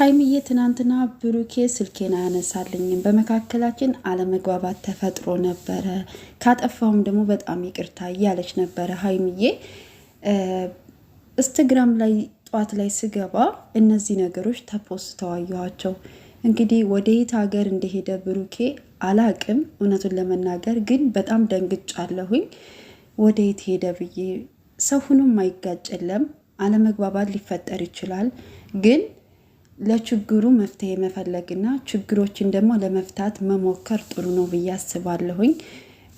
ሀይሚዬ ትናንትና ብሩኬ ስልኬን አያነሳልኝም፣ በመካከላችን አለመግባባት ተፈጥሮ ነበረ፣ ካጠፋሁም ደግሞ በጣም ይቅርታ እያለች ነበረ። ሀይሚዬ ኢንስታግራም ላይ ጠዋት ላይ ስገባ እነዚህ ነገሮች ተፖስተው ተዋየኋቸው። እንግዲህ ወደ የት ሀገር እንደሄደ ብሩኬ አላቅም። እውነቱን ለመናገር ግን በጣም አለሁኝ። ወደ የት ሄደ ብዬ ሰው ሁኖም አይጋጭለም፣ አለመግባባት ሊፈጠር ይችላል ግን ለችግሩ መፍትሄ መፈለግና ችግሮችን ደግሞ ለመፍታት መሞከር ጥሩ ነው ብዬ አስባለሁኝ።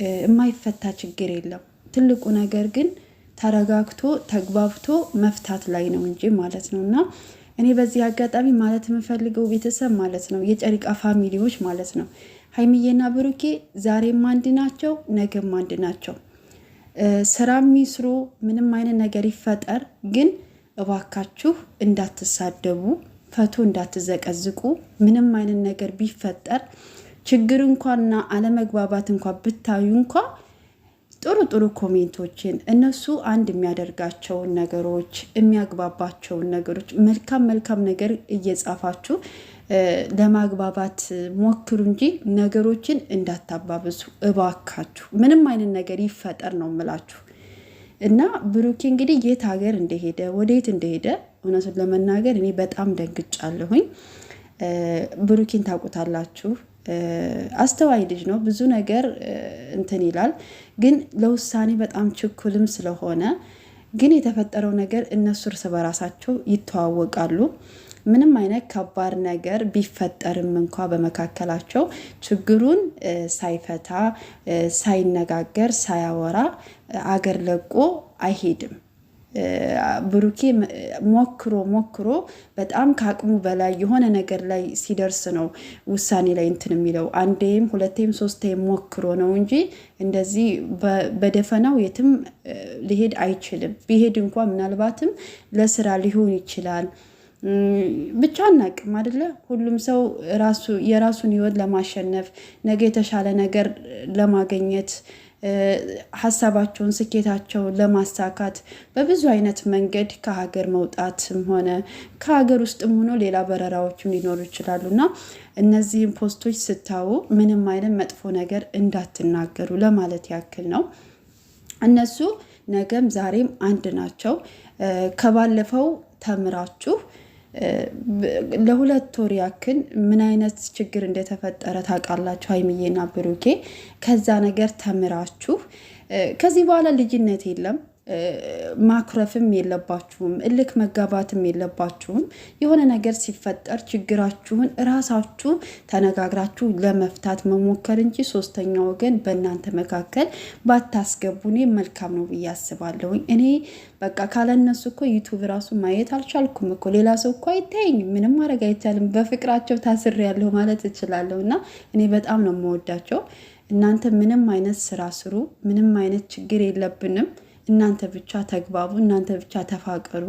የማይፈታ ችግር የለም። ትልቁ ነገር ግን ተረጋግቶ ተግባብቶ መፍታት ላይ ነው እንጂ ማለት ነው እና እኔ በዚህ አጋጣሚ ማለት የምፈልገው ቤተሰብ ማለት ነው የጨሪቃ ፋሚሊዎች ማለት ነው ሀይሚዬና ብሩኬ ዛሬም አንድ ናቸው፣ ነገም አንድ ናቸው። ስራ የሚስሩ ምንም አይነት ነገር ይፈጠር፣ ግን እባካችሁ እንዳትሳደቡ ፈቶ እንዳትዘቀዝቁ። ምንም አይነት ነገር ቢፈጠር ችግር እንኳና አለመግባባት እንኳ ብታዩ እንኳ ጥሩ ጥሩ ኮሜንቶችን እነሱ አንድ የሚያደርጋቸውን ነገሮች የሚያግባባቸውን ነገሮች መልካም መልካም ነገር እየጻፋችሁ ለማግባባት ሞክሩ እንጂ ነገሮችን እንዳታባብሱ እባካችሁ። ምንም አይነት ነገር ይፈጠር ነው የምላችሁ። እና ብሩኬ እንግዲህ የት ሀገር እንደሄደ ወደየት እንደሄደ እውነቱን ለመናገር እኔ በጣም ደንግጫለሁኝ። ብሩኪን ታውቁታላችሁ። አስተዋይ ልጅ ነው። ብዙ ነገር እንትን ይላል፣ ግን ለውሳኔ በጣም ችኩልም ስለሆነ ግን የተፈጠረው ነገር እነሱ እርስ በራሳቸው ይተዋወቃሉ። ምንም አይነት ከባድ ነገር ቢፈጠርም እንኳ በመካከላቸው ችግሩን ሳይፈታ ሳይነጋገር ሳያወራ አገር ለቆ አይሄድም። ብሩኬ ሞክሮ ሞክሮ በጣም ከአቅሙ በላይ የሆነ ነገር ላይ ሲደርስ ነው ውሳኔ ላይ እንትን የሚለው። አንዴም ሁለቴም ሶስቴም ሞክሮ ነው እንጂ እንደዚህ በደፈናው የትም ሊሄድ አይችልም። ቢሄድ እንኳ ምናልባትም ለስራ ሊሆን ይችላል። ብቻ አናቅም አደለ። ሁሉም ሰው የራሱን ህይወት ለማሸነፍ ነገ የተሻለ ነገር ለማገኘት ሀሳባቸውን፣ ስኬታቸውን ለማሳካት በብዙ አይነት መንገድ ከሀገር መውጣትም ሆነ ከሀገር ውስጥም ሆኖ ሌላ በረራዎችም ሊኖሩ ይችላሉ እና እነዚህን ፖስቶች ስታዩ ምንም አይነት መጥፎ ነገር እንዳትናገሩ ለማለት ያክል ነው። እነሱ ነገም ዛሬም አንድ ናቸው። ከባለፈው ተምራችሁ ለሁለት ወር ያክል ምን አይነት ችግር እንደተፈጠረ ታውቃላችሁ፣ ሀይሚዬና ብሩኬ። ከዛ ነገር ተምራችሁ ከዚህ በኋላ ልጅነት የለም ማኩረፍም የለባችሁም፣ እልክ መጋባትም የለባችሁም። የሆነ ነገር ሲፈጠር ችግራችሁን እራሳችሁ ተነጋግራችሁ ለመፍታት መሞከር እንጂ ሶስተኛ ወገን በእናንተ መካከል ባታስገቡ እኔ መልካም ነው ብዬ አስባለሁ እኔ በቃ ካለነሱ እኮ ዩቱብ ራሱ ማየት አልቻልኩም እኮ ሌላ ሰው እኮ አይታይኝ፣ ምንም ማድረግ አይቻልም። በፍቅራቸው ያለሁ ማለት እችላለሁ። እና እኔ በጣም ነው የምወዳቸው። እናንተ ምንም አይነት ስራ ስሩ፣ ምንም አይነት ችግር የለብንም። እናንተ ብቻ ተግባቡ፣ እናንተ ብቻ ተፋቀሩ።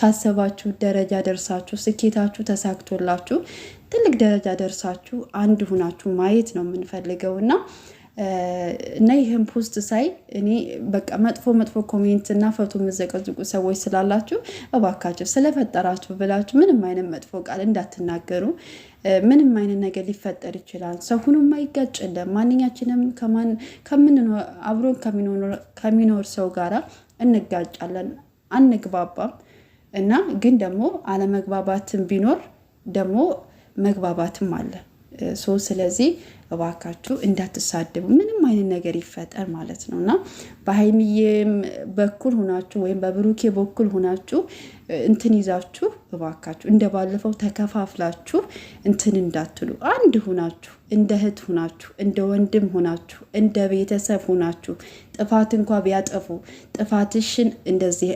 ካሰባችሁ ደረጃ ደርሳችሁ ስኬታችሁ ተሳክቶላችሁ ትልቅ ደረጃ ደርሳችሁ አንድ ሁናችሁ ማየት ነው የምንፈልገው እና እና ይህን ፖስት ሳይ እኔ በቃ መጥፎ መጥፎ ኮሜንት እና ፈቶ የምዘቀዝቁ ሰዎች ስላላችሁ እባካችሁ ስለፈጠራችሁ ብላችሁ ምንም አይነት መጥፎ ቃል እንዳትናገሩ። ምንም አይነት ነገር ሊፈጠር ይችላል። ሰው ሁኑም አይጋጭለም። ማንኛችንም አብሮ ከሚኖር ሰው ጋር እንጋጫለን፣ አንግባባም እና ግን ደግሞ አለመግባባትም ቢኖር ደግሞ መግባባትም አለ ሶ ስለዚህ እባካችሁ እንዳትሳደቡ፣ ምንም አይነት ነገር ይፈጠር ማለት ነው እና በሀይሚዬም በኩል ሁናችሁ ወይም በብሩኬ በኩል ሁናችሁ እንትን ይዛችሁ እባካችሁ እንደ ባለፈው ተከፋፍላችሁ እንትን እንዳትሉ፣ አንድ ሁናችሁ እንደ እህት ሁናችሁ እንደ ወንድም ሁናችሁ እንደ ቤተሰብ ሁናችሁ ጥፋት እንኳ ቢያጠፉ ጥፋትሽን እንደዚህ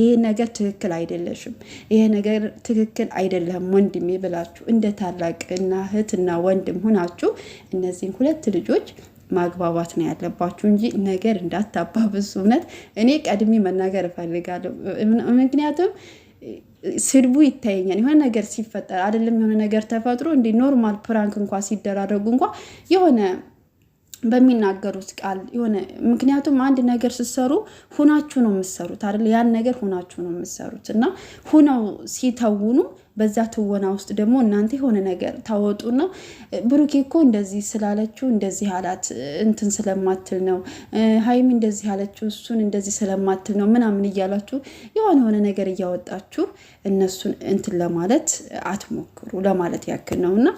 ይሄ ነገር ትክክል አይደለሽም፣ ይሄ ነገር ትክክል አይደለም ወንድሜ ብላችሁ እንደ ታላቅና እና ወንድም ሁናችሁ እነዚህን ሁለት ልጆች ማግባባት ነው ያለባችሁ እንጂ ነገር እንዳታባብሱ። እውነት እኔ ቀድሜ መናገር እፈልጋለሁ። ምክንያቱም ስድቡ ይታየኛል። የሆነ ነገር ሲፈጠር አይደለም የሆነ ነገር ተፈጥሮ እንዲ ኖርማል ፕራንክ እንኳ ሲደራረጉ እንኳ የሆነ በሚናገሩት ቃል የሆነ ምክንያቱም አንድ ነገር ስትሰሩ ሁናችሁ ነው የምትሰሩት አይደል? ያን ነገር ሁናችሁ ነው የምትሰሩት እና ሁነው ሲተውኑ በዛ ትወና ውስጥ ደግሞ እናንተ የሆነ ነገር ታወጡና ብሩኬ እኮ እንደዚህ ስላለችው እንደዚህ አላት እንትን ስለማትል ነው፣ ሀይሚ እንደዚህ አለችው እሱን እንደዚህ ስለማትል ነው ምናምን እያላችሁ የሆነ የሆነ ነገር እያወጣችሁ እነሱን እንትን ለማለት አትሞክሩ። ለማለት ያክል ነው እና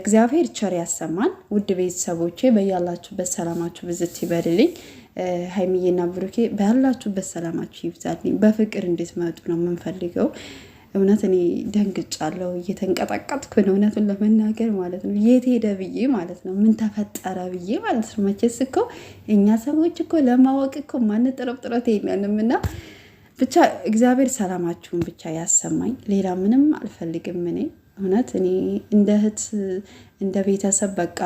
እግዚአብሔር ቸር ያሰማን። ውድ ቤተሰቦቼ በያላችሁበት ሰላማችሁ ብዝት ይበልልኝ። ሀይሚዬና ብሩኬ በያላችሁበት ሰላማችሁ ይብዛልኝ። በፍቅር እንድትመጡ ነው የምንፈልገው። እውነት እኔ ደንግጫለሁ፣ እየተንቀጠቀጥኩን እውነቱን ለመናገር ማለት ነው። የት ሄደ ብዬ ማለት ነው። ምን ተፈጠረ ብዬ ማለት ነው። መቼስ እኮ እኛ ሰዎች እኮ ለማወቅ እኮ ማን ጥረት የለንም እና ብቻ እግዚአብሔር ሰላማችሁን ብቻ ያሰማኝ። ሌላ ምንም አልፈልግም እኔ እውነት እኔ እንደ እህት እንደ ቤተሰብ በቃ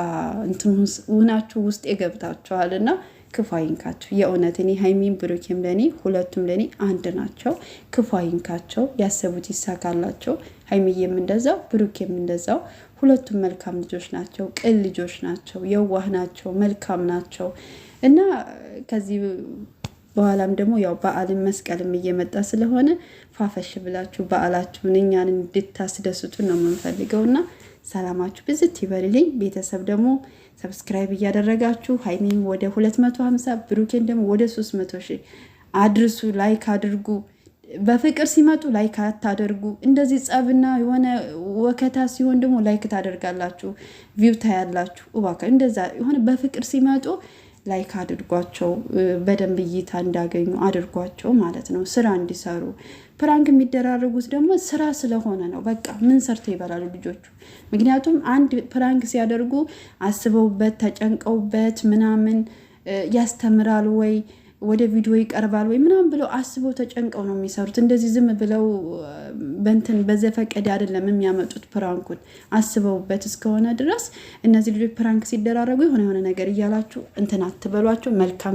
እንትን ውናችሁ ውስጥ የገብታችኋል እና ክፉ አይንካቸው። የእውነት እኔ ሀይሚን ብሩኬም ለእኔ ሁለቱም ለእኔ አንድ ናቸው። ክፉ አይንካቸው፣ ያሰቡት ይሳካላቸው። ሀይሚዬም እንደዛው፣ ብሩኬም እንደዛው። ሁለቱም መልካም ልጆች ናቸው፣ ቅን ልጆች ናቸው፣ የዋህ ናቸው፣ መልካም ናቸው እና ከዚህ በኋላም ደግሞ ያው በዓልን መስቀልም እየመጣ ስለሆነ ፋፈሽ ብላችሁ በዓላችሁን እኛን እንድታስደስቱ ነው የምንፈልገው እና ሰላማችሁ ብዝት ይበልልኝ ቤተሰብ ደግሞ ሰብስክራይብ እያደረጋችሁ ሀይሚም ወደ 250 ብሩኬን ደግሞ ወደ 300 ሺህ አድርሱ። ላይክ አድርጉ። በፍቅር ሲመጡ ላይክ አታደርጉ። እንደዚህ ጸብና የሆነ ወከታ ሲሆን ደግሞ ላይክ ታደርጋላችሁ፣ ቪው ታያላችሁ። እባክህ እንደዛ የሆነ በፍቅር ሲመጡ ላይክ አድርጓቸው፣ በደንብ እይታ እንዳገኙ አድርጓቸው ማለት ነው፣ ስራ እንዲሰሩ። ፕራንክ የሚደራረጉት ደግሞ ስራ ስለሆነ ነው። በቃ ምን ሰርተው ይበላሉ ልጆቹ? ምክንያቱም አንድ ፕራንክ ሲያደርጉ አስበውበት ተጨንቀውበት ምናምን ያስተምራል ወይ ወደ ቪዲዮ ይቀርባል ወይ ምናምን ብለው አስበው ተጨንቀው ነው የሚሰሩት። እንደዚህ ዝም ብለው በንትን በዘፈቀደ አይደለም የሚያመጡት። ፕራንኩን አስበውበት እስከሆነ ድረስ እነዚህ ልጆች ፕራንክ ሲደራረጉ የሆነ የሆነ ነገር እያላችሁ እንትን አትበሏቸው። መልካም